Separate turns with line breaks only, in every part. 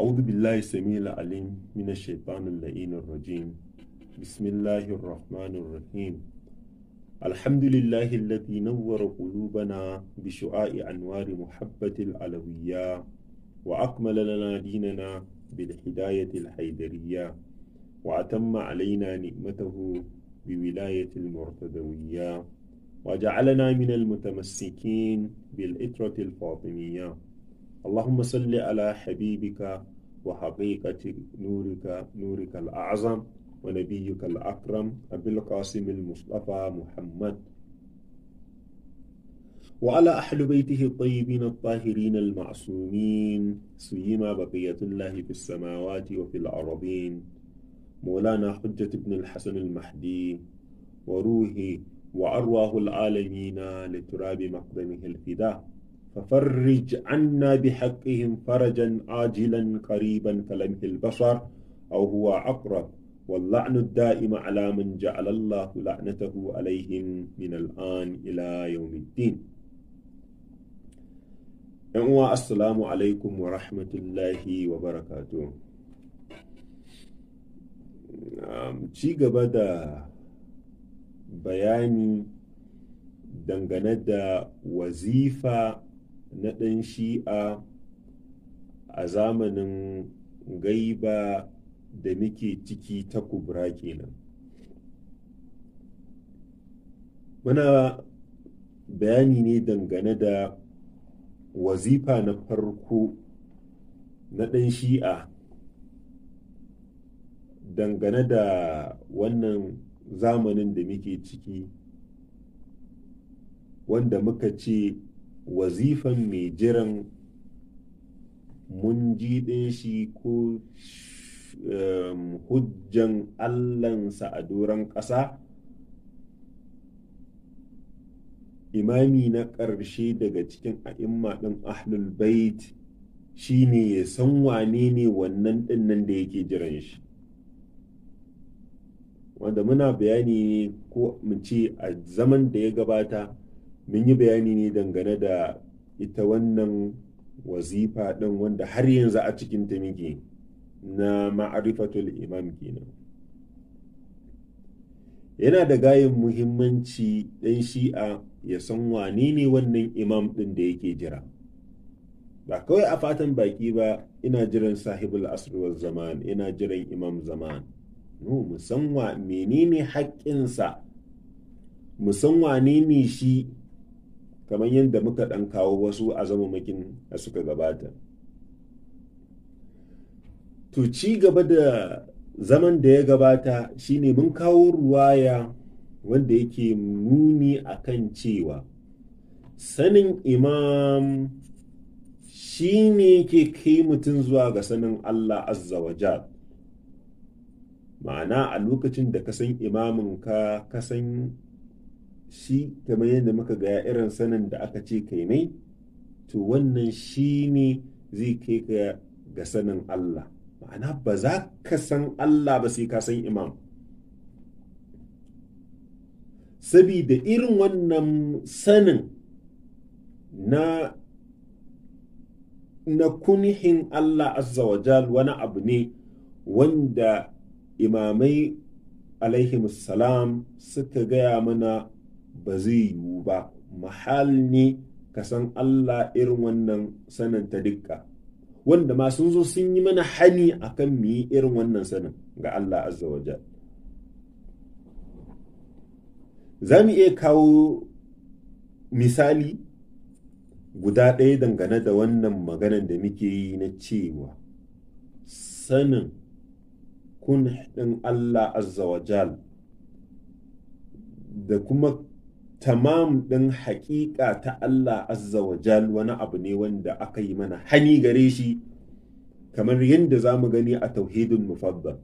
أعوذ بالله السميع العليم من الشيطان اللئيم الرجيم بسم الله الرحمن الرحيم الحمد لله الذي نور قلوبنا بشعاع أنوار محبة العلوية وأكمل لنا ديننا بالهداية الحيدرية وأتم علينا نعمته بولاية المرتدوية وجعلنا من المتمسكين بالإترة الفاطمية اللهم صل على حبيبك وحقيقة نورك نورك الأعظم ونبيك الأكرم أبي القاسم المصطفى محمد وعلى أهل بيته الطيبين الطاهرين المعصومين سيما بقية الله في السماوات وفي الأرضين مولانا حجة بن الحسن المهدي وروحي وأرواح العالمين لتراب مقدمه الفداء ففرج عنا بحقهم فرجا عاجلا قريبا كلمح البصر أو هو أقرب واللعن الدائم على من جعل الله لعنته عليهم من الآن إلى يوم الدين uwa assalamu alaikum wa rahmatullahi wa barakatu ci gaba da bayani dangane da wazifa na ɗan shi'a a zamanin gaiba da muke ciki ta kubra kenan muna bayani ne dangane da wazifa na farko na ɗan shi'a dangane da wannan zamanin da muke ciki wanda muka ce wazifan mai jiran mun ji shi ko um, hujjan allansa a doron ƙasa imami na ƙarshe daga cikin a'imma ɗin ahlul bait shi ne ya san wane ne wannan ɗinnan da yake jiran shi wanda muna bayani ko mu ce a zaman da ya gabata mun yi bayani ne dangane da ita wannan wazifa ɗin wanda har yanzu a cikin ta muke na ma'arifatul imam kenan yana da gayin muhimmanci ɗan shi'a ya san wane ne wannan imam ɗin da yake jira ba kawai a fatan baki ba ina jiran sahibul asruwar zaman ina jiran imam zaman no mu menene haƙƙinsa mu ne shi kamar yadda muka ɗan kawo wasu a makin da suka gabata to ci gaba da zaman da ya gabata shine mun kawo ruwaya wanda yake nuni kan cewa sanin imam shi ne ke kai mutum zuwa ga sanin Allah azza wa ma'ana a lokacin da ka san imaminka ka san shi kamar yadda muka ga irin sanin da aka ce kai mai to wannan shi ne zai kai ka ga sanin Allah ma'ana ba za ka san Allah ba sai ka san imam sabida irin wannan sanin na na kunihin Allah azza wa jal wani abu ne wanda imamai alaihimussalam suka gaya mana ba zai yiwu ba mahal ne ka san Allah irin wannan sanin ta dukka wanda ma sun zo sun yi mana hani akan mu yi irin wannan sanin ga Allah azza wa za mu iya kawo misali guda ɗaya dangane da wannan maganan da muke yi na cewa sanin kun haɗin Allah azza wa da kuma tamam ɗin haƙiƙa ta Allah azza wa jal wani abu ne wanda aka yi mana hani gare shi kamar yadda za mu gani a tauhidin mufaddal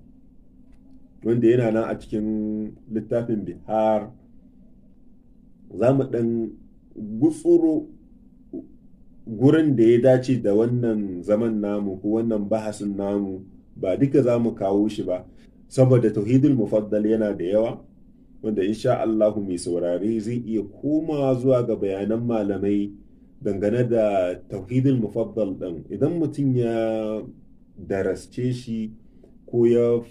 wanda yana nan a cikin littafin bihar za mu ɗan gutsuro gurin da ya dace da wannan zaman namu ko wannan bahasin namu ba duka za mu kawo shi ba saboda tauhidul mufaddal yana da yawa wanda insha Allahu mai saurare zai iya komawa zuwa ga bayanan malamai dangane da tauhidin mufabbal ɗin idan mutum ya darasce shi ko ya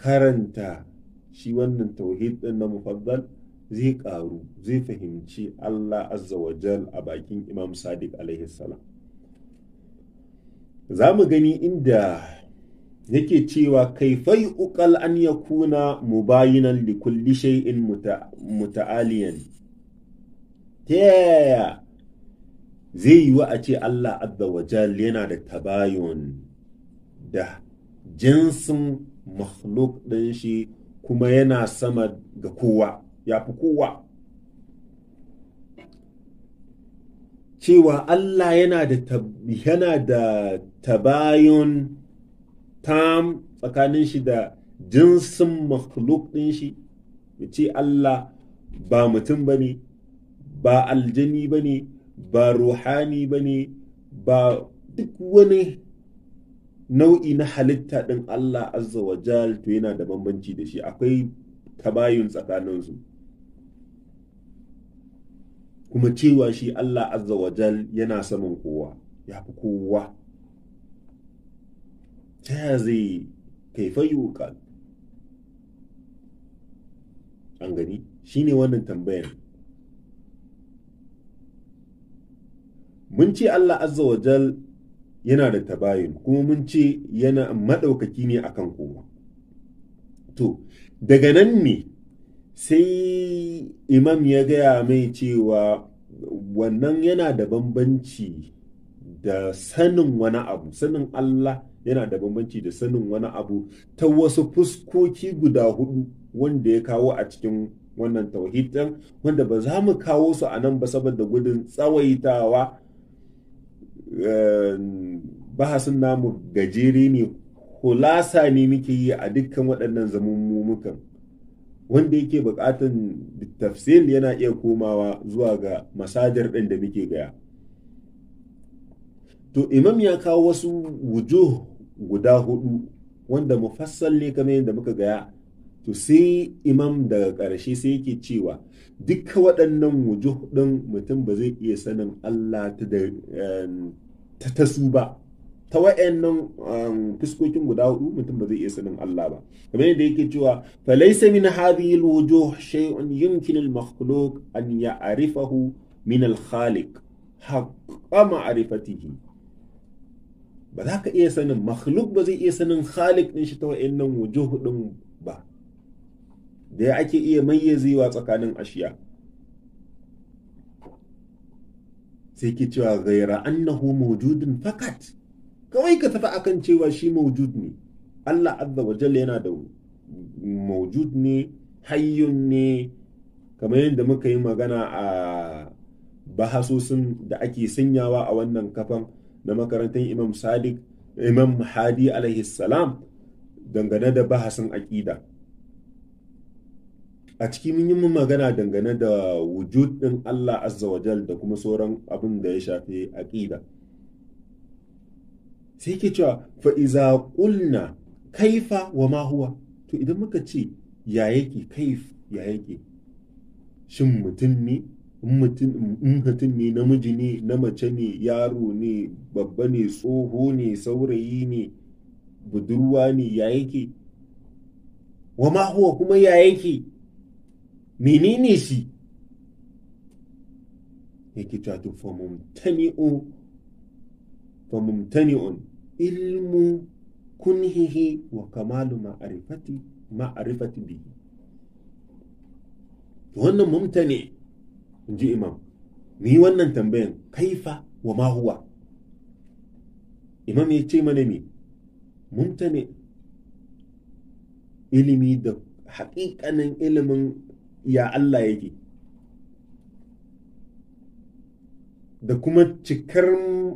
karanta shi wannan tauhid ɗin na mufaddal zai ƙaru zai fahimci Allah azza wa jal a bakin imam sadiq alaihi salam za mu gani inda yake cewa kaifai uƙal an mu mubayinan da kulli shay'in muta'aliyan ta yaya zai yi wa a ce Allah azza wa jal yana da tabayun da jinsin makhluk ɗin shi kuma yana sama ga kowa ya fi kowa cewa Allah yana da tabayun tam tsakanin shi da jinsin makhluk ɗin shi ya ce Allah ba mutum ba ne ba aljani ba ne ba ruhani ba ne ba duk wani nau'i na halitta ɗin Allah azza wa jal to yana da bambanci da shi akwai tabayun tsakaninsu kuma cewa shi Allah azza wa jal yana saman kowa ya fi kowa tazi kaifa yuqal an gani shine wannan tambayar mun ce Allah azza wa jal yana da tabayun kuma mun ce yana maɗaukaki ne akan kowa to daga nan ne sai imam ya gaya mai cewa wannan yana da bambanci da sanin wani abu sanin Allah yana da bambanci da sanin wani abu ta wasu fuskoki guda hudu wanda ya kawo a cikin wannan tauhidin wanda ba za mu kawo su a nan ba saboda gudun tsawaitawa eh, bahasin namu gajere ne hulasa ne muke yi a dukkan waɗannan zaman zamumumukan wanda yake buƙatan tafsil yana iya komawa zuwa ga masajar ɗin da muke gaya to imam ya kawo wasu wujuh guda hudu wanda mufassal ne kamar yadda muka gaya to sai imam daga ƙarshe sai yake cewa duka waɗannan wujuh ɗin mutum ba zai iya sanin Allah ta tasu ba ta wa'annan fuskokin guda hudu mutum ba zai iya sanin Allah ba kamar yadda yake cewa falaisa min hadhihi wujuh shay'un yumkin almakhluq an ya'rifahu min alkhaliq haqqa ma'rifatihi ba za ka iya sanin makhluk ba zai iya sanin khalik din shi ta wa'annan wujuh din ba da ya ake iya mayyazewa tsakanin ashiya sai ki cewa gaira annahu mawjudun fakat kawai ka tafi akan cewa shi mawjud ne Allah azza wa jalla yana da mawjud ne hayyun ne kamar yadda muka yi magana a bahasosin da ake sanyawa a wannan kafan na makarantar imam sadiq imam hadi alaihi salam dangane da bahasin aƙida a ciki mun yi magana dangane da wujud ɗin Allah azza wa jal da kuma sauran abin da ya shafi aƙida sai ke cewa fa'iza ƙulna kaifa wa mahuwa to idan muka ce ya yake kaif ya yake shin mutum ne in mutum ne namiji ne na mace ne yaro ne babba ne tsoho ne saurayi ne budurwa ne ya yake wa mahuwa kuma ya yake menene shi yake cewa to famumtani'un ilmu kunhihi wa kamalu ma'arifati ma'arifati bihi wannan mumtani in ji imam mu yi wannan tambayan kaifa wa ma imam ya ce mana me ne ilimi da haƙiƙanin ilimin ya Allah yake da kuma cikar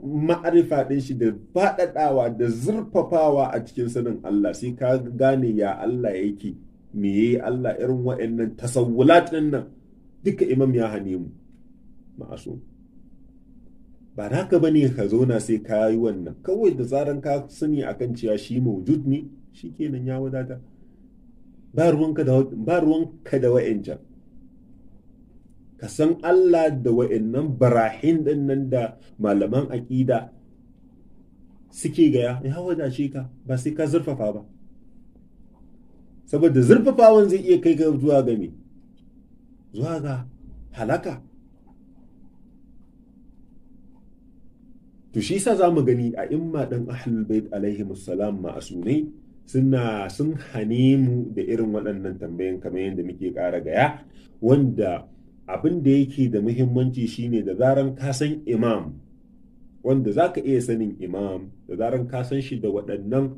ma'arifa ɗin shi da faɗaɗawa da zurfafawa a cikin sanin Allah sai ka gane ya Allah yake me yi Allah irin wa'annan tasawulat ɗin nan duka imam ya hane mu ma'asu ba ba ne ka zauna sai ka yi wannan kawai da tsarin ka sani kan cewa shi mawujud ne shi kenan ya wadata ba ruwanka da wa'incan ka san Allah da wa'annan barahin din nan da malaman aƙida suke gaya ya wadace ka ba sai ka zurfafa ba saboda zurfafawan zai iya kai ka zuwa game zuwa ga halaka to shi sa za mu gani a imma ɗan ahlul bait alaihi musallam ma'asunai suna sun hane mu da irin waɗannan tambayan kamar yadda muke ƙara gaya wanda abin da yake da muhimmanci shine da zaran ka san imam wanda za ka iya sanin imam da zaran ka san shi da waɗannan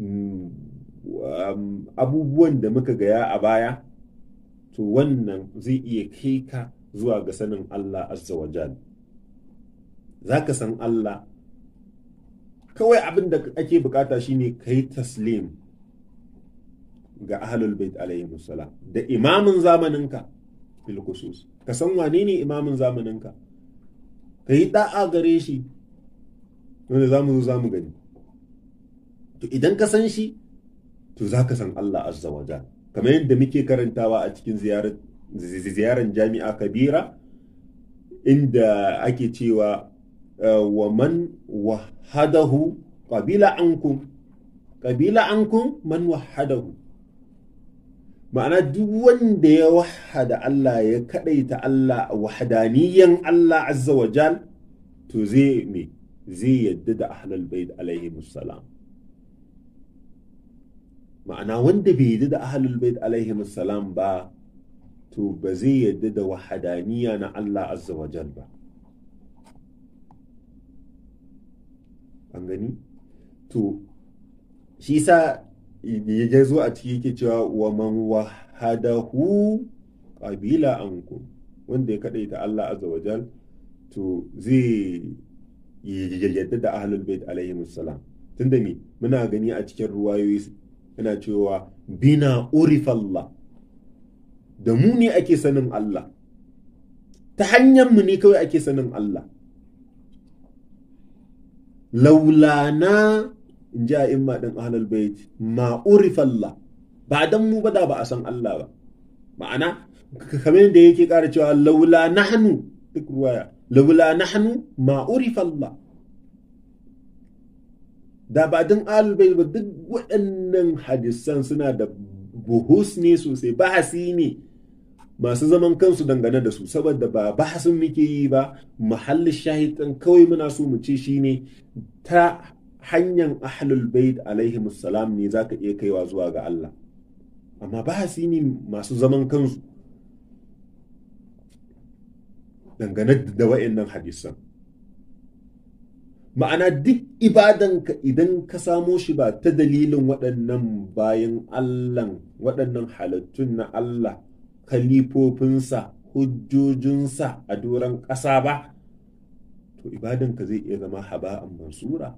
mm, mm, abubuwan da muka gaya a baya to wannan zai iya kai ka zuwa ga sanin Allah azza wa jal za ka san Allah kawai abin da ake bukata shine ka yi taslim ga ahlul bait alayhi musala da imamin zamaninka bil khusus ka san wane ne imamin zamaninka ka yi da'a gare shi wanda za mu zo za mu gani to idan ka san shi to za ka san Allah azza wa jal kamar yadda muke karantawa a cikin ziyarar jami'a kabira inda ake cewa eh, wa man wahadahu kabila ankum man wahadahu ma'ana duk wanda ya wahada Allah ya kadaita Allah wahadaniyan Allah azza wa jal to zai me zai yadda da ahlul bait alaihi salam ma'ana wanda bai yadda da ahalul bait alaihi salam ba to ba zai yadda da wahadaniya na Allah azza wa jal ba an gani to shi sa ya zo a ciki yake cewa wa man wahadahu qabila anku wanda ya da Allah azza wa jal to zai yadda da ahalul bait alaihi salam tunda me muna gani a cikin ruwayoyi yana cewa bina urifallah da mu ne ake sanin Allah ta hanyar mu ne kawai ake sanin Allah laulana in ji a imma ɗin ahlul bait ma urifallah ba dan mu ba da ba a san Allah ba ma'ana kamar da yake ƙara cewa laula nahnu duk ruwaya laula nahnu ma urifallah da ba din alubai ba duk waɗannan hadisan suna da buhus ne sosai bahasi ne masu zaman kansu dangane da su saboda ba bahasin muke yi ba mahallin shahidan kawai muna so mu ce shi ne, ta hanyar ahlul bait alaihi salam ne za ka iya kaiwa zuwa ga Allah amma bahasi ne masu zaman kansu dangane da waɗannan hadisan ma'ana duk ibadanka idan ka samo shi ba ta dalilin waɗannan bayan allah waɗannan halittun na Allah kalifofinsa hujjojinsa a doron ƙasa ba to ibadanka zai iya zama haba'an mansura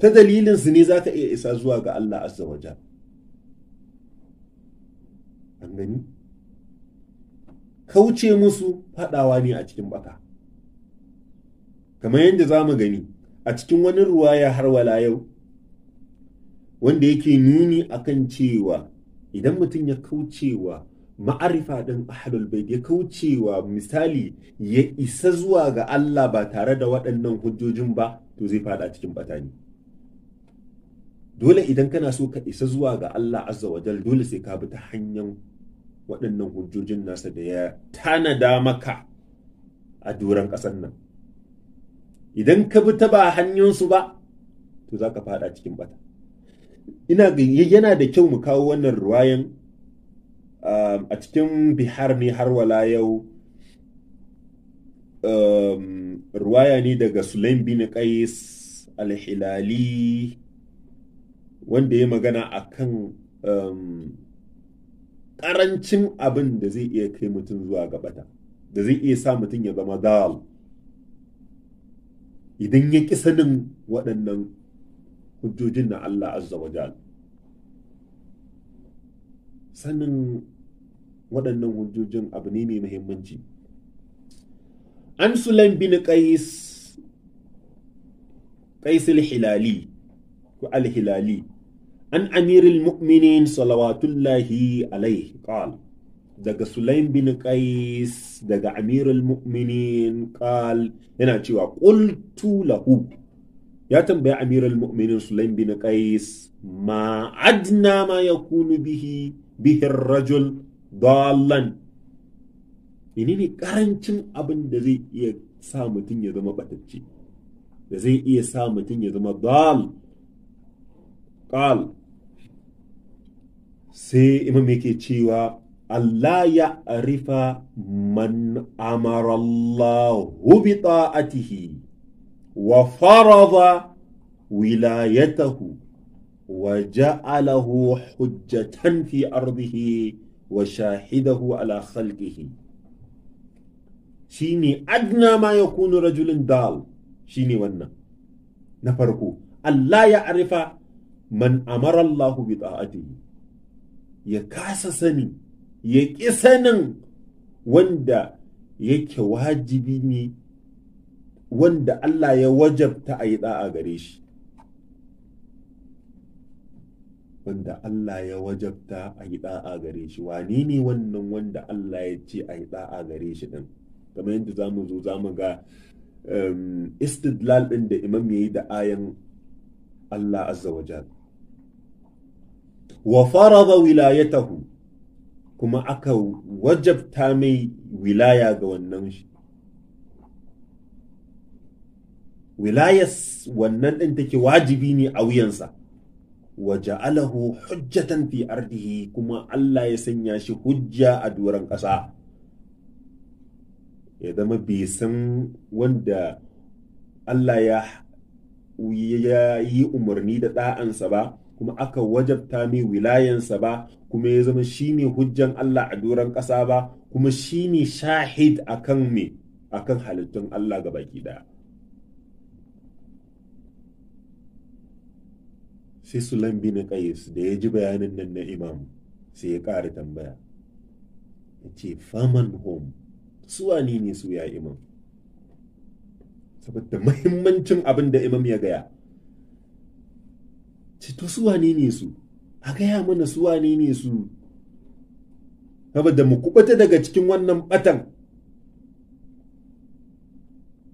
ta dalilinsu ne za ka iya isa zuwa ga Allah azza wajen an gani kauce musu faɗawa ne a cikin baka kamar yadda za mu gani a cikin wani ruwaya har wala yau wanda yake nuni a kan cewa idan mutum ya kaucewa ma'arifa ɗin ahlul bai ya kaucewa misali ya isa zuwa ga Allah ba tare da waɗannan hujjojin ba to zai fada cikin batani dole idan kana so ka isa zuwa ga Allah azza wa jal dole sai ka bi ta hanyar waɗannan hujjojin nasa da ya tanada maka a doron ƙasar nan idan ka bi ta ba hanyunsu ba to za ka fada cikin bata ina yana da kyau mu kawo wannan ruwayan um, a cikin bihar ne har wala yau um, ruwaya ne daga sulaim bin qais al-hilali wanda ya magana a kan um, ƙarancin abin da zai iya kai mutum zuwa gabata da zai iya sa mutum ya zama dal idan ya ƙi sanin waɗannan hujjojin na Allah azza wa jal sanin waɗannan hujjojin abu ne mai muhimmanci an sulaim bin qais qais al-hilali ko al-hilali an amiril mu'minin salawatullahi alaihi qal daga sulaim bin qais daga amiral mu'minin kal yana cewa qultu lahu ya tambaya amiral mu'minin sulaim bin qais ma adna ma yakunu bihi bihi rajul dallan ini ne karancin abin da zai iya sa mutum ya zama batacce da zai iya sa mutum ya zama dal kal sai imam yake cewa ألا يعرف من أمر الله بطاعته وفرض ولايته وجعله حجة في أرضه وشاهده على خلقه شيني أدنى ما يكون رجل دال شيني ونا نفرقه ألا يعرف من أمر الله بطاعته يكاس سني ya ƙi sanin wanda yake wajibi ne wanda Allah ya wajabta a yi ɗa'a gare shi wanda Allah ya wajabta a yi ɗa'a gare shi wane ne wannan wanda Allah ya ce a yi ɗa'a gare shi ɗin kamar yadda za mu zo za mu ga um, istidlal ɗin da imam ya yi da ayan Allah azza wa jal wa farada wilayatahu kuma aka wajabta mai wilaya ga wannan shi wilayas wannan ɗin take wajibi ne a wuyansa waje alahu hujjatan fi ardihi kuma Allah ya sanya shi hujja a doron ƙasa ya zama bai san wanda Allah ya ya yi umarni da ɗa'ansa ba kuma aka wajabta mai wilayansa ba kuma ya zama shi ne hujjan Allah a doron ƙasa ba kuma ne shahid kan me akan halittun Allah ga baki ɗaya sai lambi na Qais da ya ji bayanin nan na imam sai ya ƙara tambaya ya ce faman home suwani ne su ya imam saboda mahimmancin abin da imam ya gaya ce to ne su a gaya mana su wani ne su saboda mu kubata daga cikin wannan batan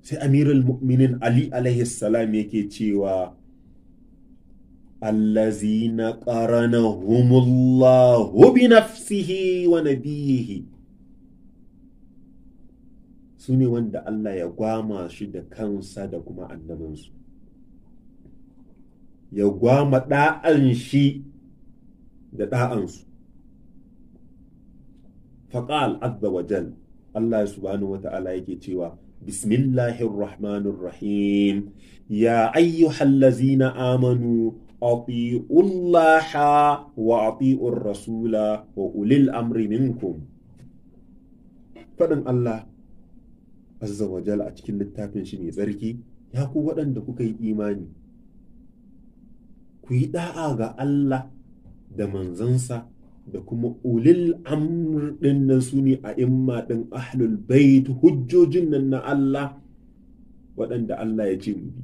sai amirul mu'minin ali alaihi salam yake cewa allazina qaranahumullahu bi nafsihi wa nabiyihi su ne wanda Allah ya gwama shi da kansa da kuma annabinsu ya gwama ɗa'an shi da ɗa'ansu faƙal azza wa jal Allah subhanahu wa ta'ala yake cewa bismillahirrahmanirrahim ya ayyuhallazina amanu ati'ullaha wa ati'ur rasula wa ulil amri minkum faɗin Allah azza wa jal a cikin littafin shi mai tsarki ya ku waɗanda kuka yi imani ku yi ɗa'a ga Allah da manzansa da kuma ulil amr din nan su ne a imma din ahlul bait hujjojin nan na Allah waɗanda Allah ya ce mu bi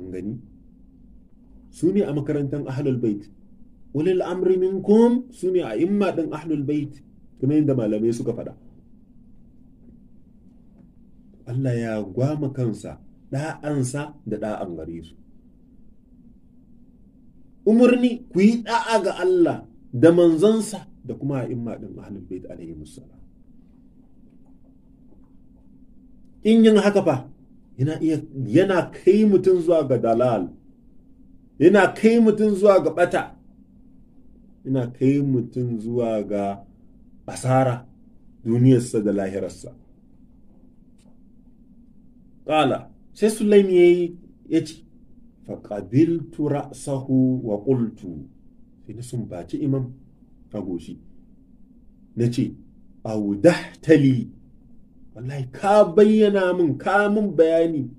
an gani su ne a makarantar ahlul bait ulil amri minkum su ne a imma din ahlul bait kuma yadda malamai suka faɗa Allah ya gwama kansa ɗa'ansa da ɗa'an gare su umarni ku yi da'a ga Allah da manzansa da kuma a'imma din ahlul bait alaihi musallam in yin haka fa yana kai mutum zuwa ga dalal yana kai mutum zuwa ga bata yana kai mutum zuwa ga asara duniyarsa da lahirarsa ƙala sai sulaimi ya ce faƙabiltu ra'sahu wa ƙultu sai na sumbaci imam a shi. na ce audahtali wallahi ka bayyana min kamun bayani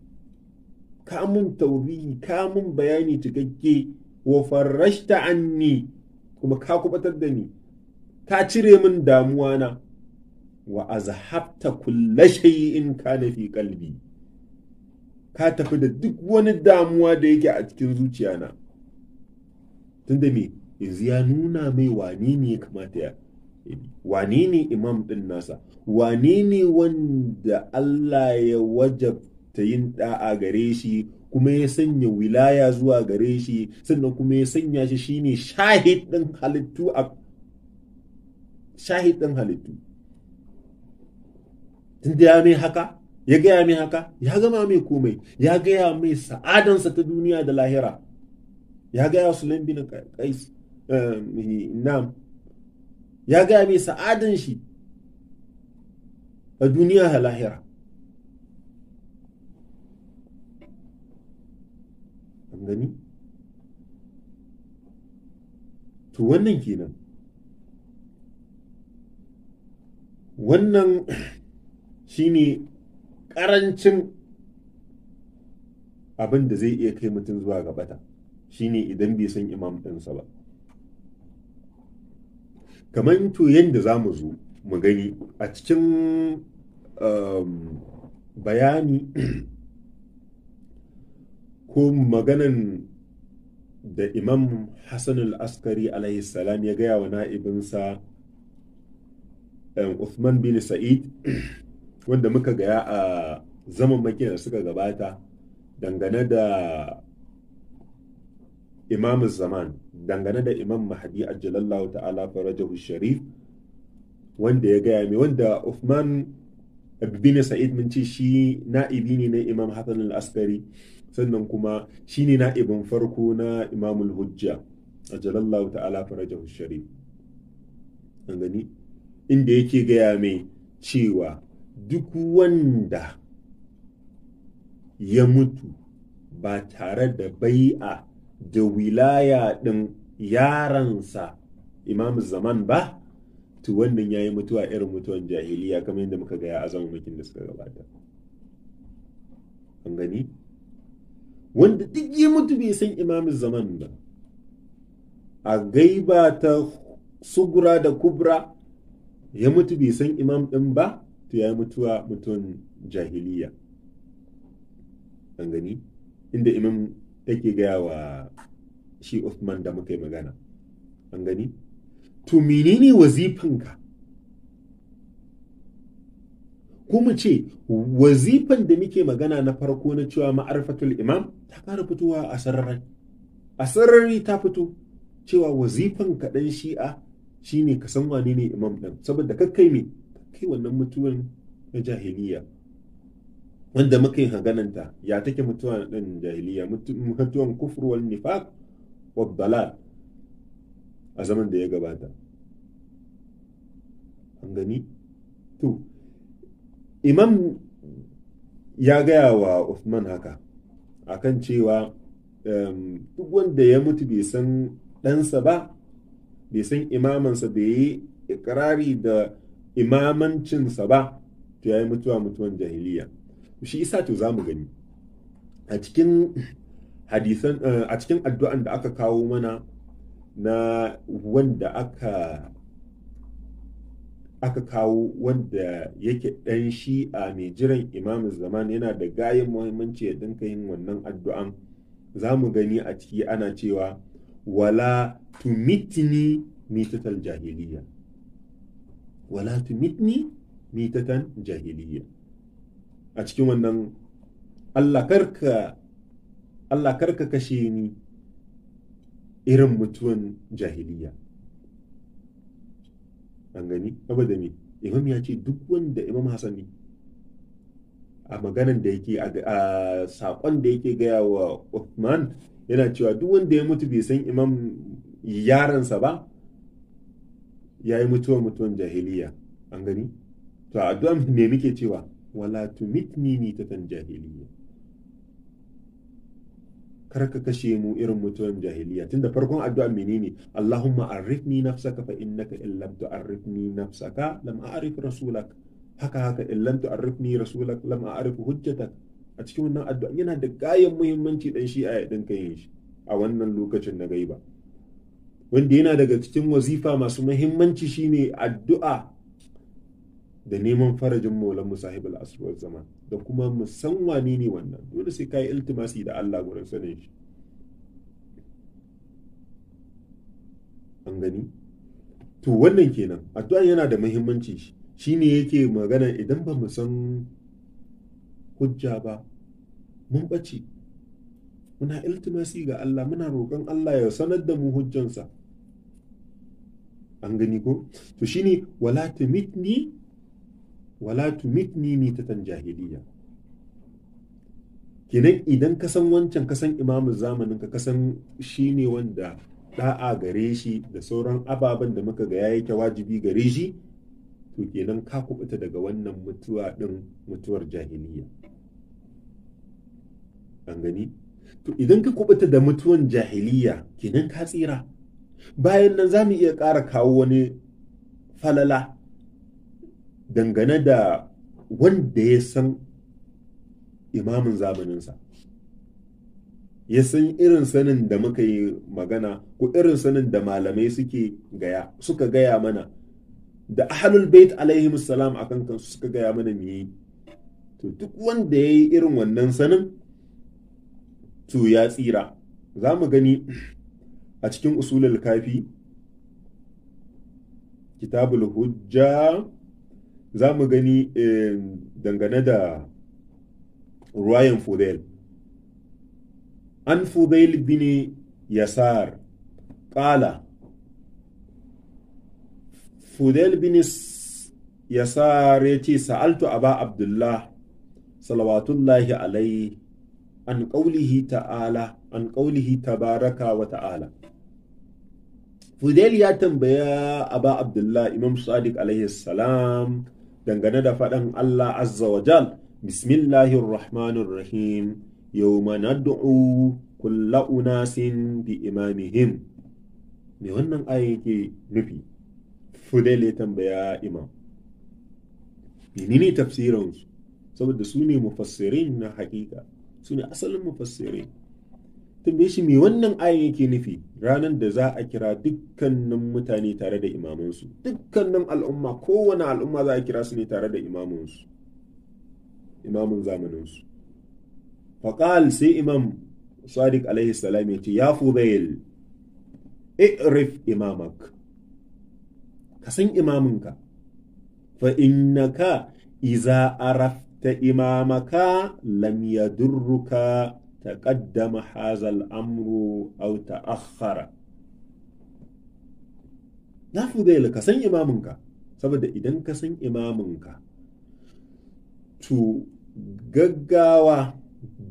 kamun min kamun bayani cikakke wa farrashta anni kuma ka kubatar da ni ka cire min damuwa na wa azhabta kulla in kana fi kalbi ka tafi da duk wani damuwa da yake a cikin zuciya na tunda me yanzu ya nuna mai wane ne ya kamata ya wane ne imam din nasa wane ne wanda Allah ya wajabta yin da'a gare shi kuma ya sanya wilaya zuwa gare shi sannan kuma ya sanya shi shine ne halittu a shahid halittu tun da ya mai haka ya gaya mai haka ya gama mai komai ya gaya mai sa'adansa ta duniya da lahira ya gaya su bin kais eh, nam ya gaya mai sa'adan shi a duniya da lahira gani to wannan kenan wannan shine ƙarancin abin da zai iya kai mutum zuwa ga bata shine idan bai san imam ɗinsa ba kamar to yadda za mu zo mu gani a cikin um, bayani ko maganan da imam hassan al-askari alayhi salam ya gaya wa na'ibinsa um, Uthman bin Sa'id wanda muka gaya a zaman da suka gabata dangane da imam zaman dangane da imam mahdi ajalallahu ta'ala farajahu sharif wanda ya gaya mai wanda Uthman bin Sa'id mun ce shi na'ibi ne na Imam Hassan al-Askari sannan kuma shi ne na'ibin farko na Imam al-Hujja ajalallahu ta'ala farajahu sharif an gani inda yake gaya mai cewa duk wanda ya mutu ba tare da bai'a da wilaya ɗin yaransa imam zaman ba to wannan ya yi mutuwa irin mutuwan jahiliya kamar yadda muka gaya a zamanin da suka gabata an gani wanda duk ya mutu bai san imam zaman ba a gaiba ta sugura da kubra ya mutu bai san imam ɗin ba to ya mutuwa mutuwan jahiliya an gani inda imam take gaya wa shi Uthman da muka yi magana an gani to menene wazifanka kuma ce wazifan da muke magana na farko na cewa ma'arfatul imam ta fara fitowa a sarari a sarari ta fito cewa wazifan kaɗan shi'a shine ka san wane ne imam ɗin saboda kakkai me kai wannan mutuwan na jahiliya wanda muka yi hagananta ya take mutuwa ɗin jahiliya mutuwan kufurwar nifak wa dalal a zaman da ya gabata an gani to imam ya gaya wa Uthman haka akan cewa ehm, duk wanda ya mutu bai san ɗansa ba bai san imamansa bai yi ikirari da imamancinsa ba to ya yi mutuwa mutuwan jahiliya shi isa to za gani a cikin hadisan eh, a cikin addu'an da aka kawo mana na wanda aka aka kawo wanda yake ɗan shi'a mai jiran imamin zaman yana da gayan muhimmanci ya dinka yin wannan addu'an zamu gani a ciki ana cewa wala tumitini mitatal jahiliya wala tumitni mitatan jahiliya a cikin wannan Allah karka kashe ni irin mutuwan jahiliya an gani abada me imam ya ce duk wanda imam hasani a maganan da yake a saƙon da yake gaya wa Uthman yana cewa duk wanda ya mutu bai san imam yaransa ba ya yi mutuwar mutuwan jahiliya an gani to addu'a me muke cewa wala tu mitni ni tan jahiliya kar ka kashe mu irin mutuwan jahiliya tunda farkon addu'a menene Allahumma arifni nafsaka fa innaka illam lam tu'arifni nafsaka lam a'rif rasulak haka haka illam lam tu'arifni rasulak lam a'rif hujjatak a cikin wannan addu'a yana da gayan muhimmanci dan shi a yadin kai shi a wannan lokacin na gaiba wanda yana daga cikin wazifa masu muhimmanci shine addu'a da neman farajin maulan musahib al'asuwar zama da kuma san wane ne wannan dole sai ka iltimasi da Allah gurin sanin shi an gani to wannan kenan addu'a yana da muhimmanci shi ne yake magana idan ba mu san hujja ba mun ɓace muna iltimasi ga Allah muna roƙon Allah ya sanar da mu hujjansa an gani ko to shine wala tumitni wala tumitni mitatan jahiliya kenan idan ka san wancan ka san imamu zamanin ka san shine wanda da'a gare shi da sauran ababen da muka ga yake wajibi gare shi to kenan ka kubuta daga wannan mutuwa din mutuwar jahiliya an gani to idan ka kubuta da mutuwan jahiliya kenan ka tsira bayan nan za mu iya ƙara kawo wani falala dangane da wanda ya san imamin zamaninsa ya san irin sanin da muka yi magana ko irin sanin da malamai suke gaya suka gaya mana da ahlul bait alaihi salam akan kansu suka gaya mana me to duk wanda ya yi irin wannan sanin to ya tsira za mu gani a cikin usulul kafi kitabul hujja za mu gani eh, dangane da ruwayan fudel an fudel bin yasar kala fudel bin yasar ya ce sa'altu aba abdullah salawatullahi alaihi an ƙaulihi ta'ala an ƙaulihi tabaraka wa ta'ala Fudel ya tambaya Aba Abdullah Imam Sadiq alaihi salam dangane da faɗan Allah azza wa jal bismillahir rahmanir rahim yawma nad'u kulla unasin bi imamihim me wannan aya yake nufi Fudel ya tambaya imam menene tafsiransu saboda su ne mufassirin na hakika su ne asalin mufassirai tambaye shi me wannan ayan yake nufi ranar da za a kira dukkanin mutane tare da imamansu dukkanin al'umma kowane al'umma za a kira su ne tare da imamansu imamin zamaninsu faƙal sai imam sadiq alaihi salam ya ce ya fudail i'rif imamak ka san imaminka fa innaka iza araf ta imamaka lam durruka ta hadha hazal amru ta akhara na zai ka san imaminka saboda idan ka san imaminka to gaggawa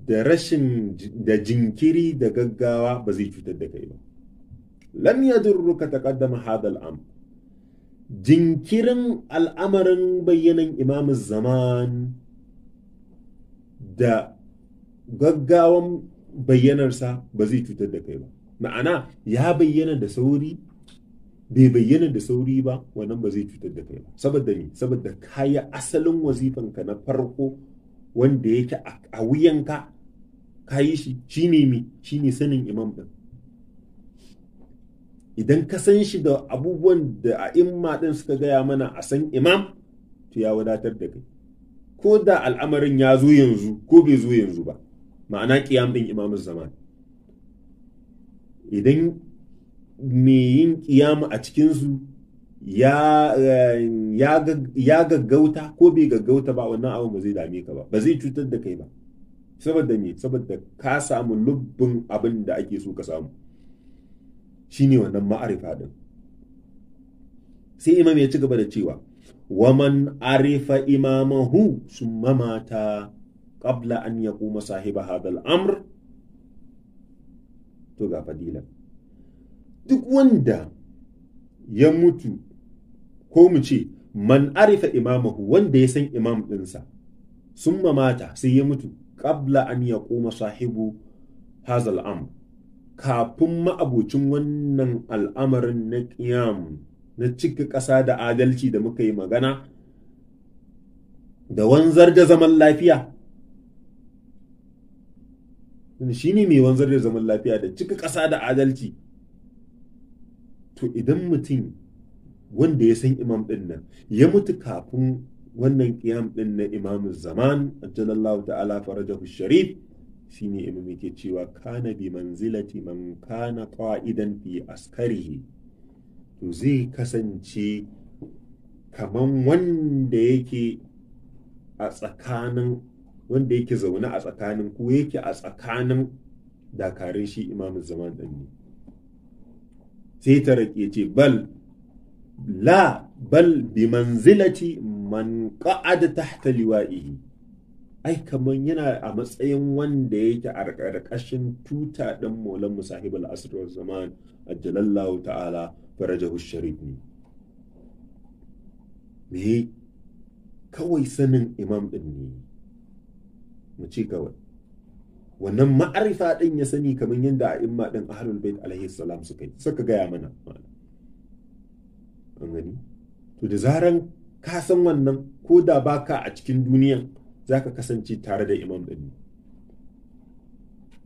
da rashin da jinkiri da gaggawa ba zai cutar da kai ba lam durruka ta hadha hazal amru jinkirin al'amarin bayyanan imamin zaman da gaggawan bayyanarsa ba zai cutar da kai ba ma'ana ya bayyana da sauri bai bayyana da sauri ba wannan ba zai cutar da kai ba saboda ne saboda kaya asalin wazifanka na farko wanda yake a wuyanka ka yi shi shine mi shine sanin imam din idan ka san shi da abubuwan da a imma din suka gaya mana a san imam to ya wadatar da kai ko da al'amarin ya zo yanzu ko bai zo yanzu ba ma'ana ƙiyam ɗin imamun zaman idan mai yin ƙiyam a cikinsu ya gaggauta ko bai gaggauta ba wannan abin ba zai dame ka ba ba zai cutar da kai ba saboda me saboda ka samu lubbin abin da ake so ka samu shine wannan ma'arifa din sai imam ya ci gaba da cewa waman arifa imamahu sun mamata qabla an ya kuma sahiba hadal amr to ga fadila duk wanda ya mutu ko mu ce man arifa imamahu wanda ya san imam ɗinsa sun mamata sai ya mutu qabla an ya kuma sahibu hazal amr kafin ma'abocin wannan al'amarin na ƙiyam na cika ƙasa da adalci da muka yi magana da wanzar da zaman lafiya shi ne mai wanzar da zaman lafiya da cika ƙasa da adalci to idan mutum wanda ya san imam ɗin nan ya mutu kafin wannan ƙiyam ɗin na imamun zaman ajalallahu ta'ala farajahu sharif shine imam yake cewa kana bi manzilati man kana qa'idan fi askarihi to zai kasance kaman wanda yake a tsakanin wanda yake zaune a tsakanin ko yake a tsakanin dakarun shi imamu zaman ɗin ne sai ta rake ce bal la bal bi manzilati man qa'ada tahta liwa'ihi ai kamar yana a matsayin wanda yake a ƙarƙashin tuta ɗin maulan musahibul asr zaman ajalallahu ta'ala farajahu sharif ne me kawai sanin imam ɗin ne mu ce kawai wannan ma'arifa ɗin ya sani kamar yadda a imma ɗin ahlul bait alaihi salam suka yi suka gaya mana an gani to da zaran kasan wannan ko da baka a cikin duniyan za ka kasance tare da imam ɗin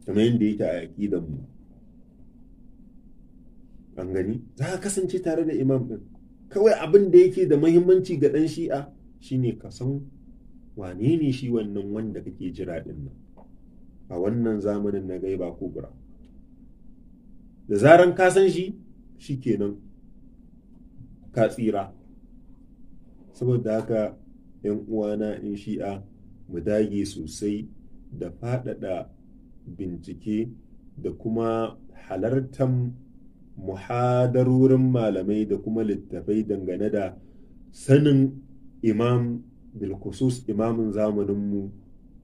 kamar yadda yake a aƙidan mu an gani za ka kasance tare da imam ɗin kawai abin da yake da mahimmanci ga ɗan shi'a shine ka san wane ne shi wannan wanda kake jira ɗin nan a wannan zamanin na gaiba ko bura da zaran ka san shi shi kenan ka tsira saboda haka 'yan uwana in shi'a mu dage sosai da faɗaɗa bincike da kuma halartar muhadarorin malamai da kuma littafai dangane da sanin imam bilkusus imamin zamaninmu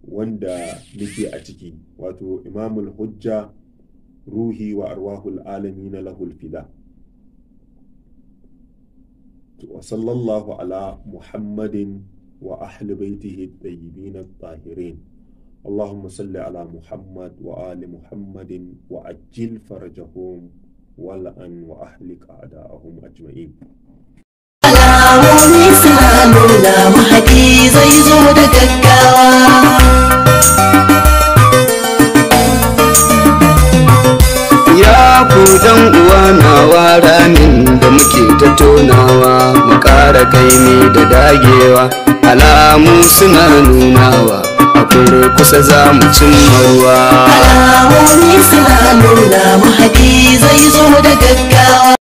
wanda muke a ciki wato imamul hujja ruhi wa arwahul alami na lahul fida wa sallallahu ala muhammadin وأهل بيته الطيبين الطاهرين اللهم صل على محمد وآل محمد وعجل فرجهم ولأن وأهلك أعداءهم أجمعين
Islamu na mahaƙi zai zo da
gaggawa. ku dan uwa nawa ramin da muke ta tonawa mu ƙara kaimi da dagewa alamu suna nunawa a kusa za mu cimma mawa alamu suna nuna mahadi zai zo da gaggawa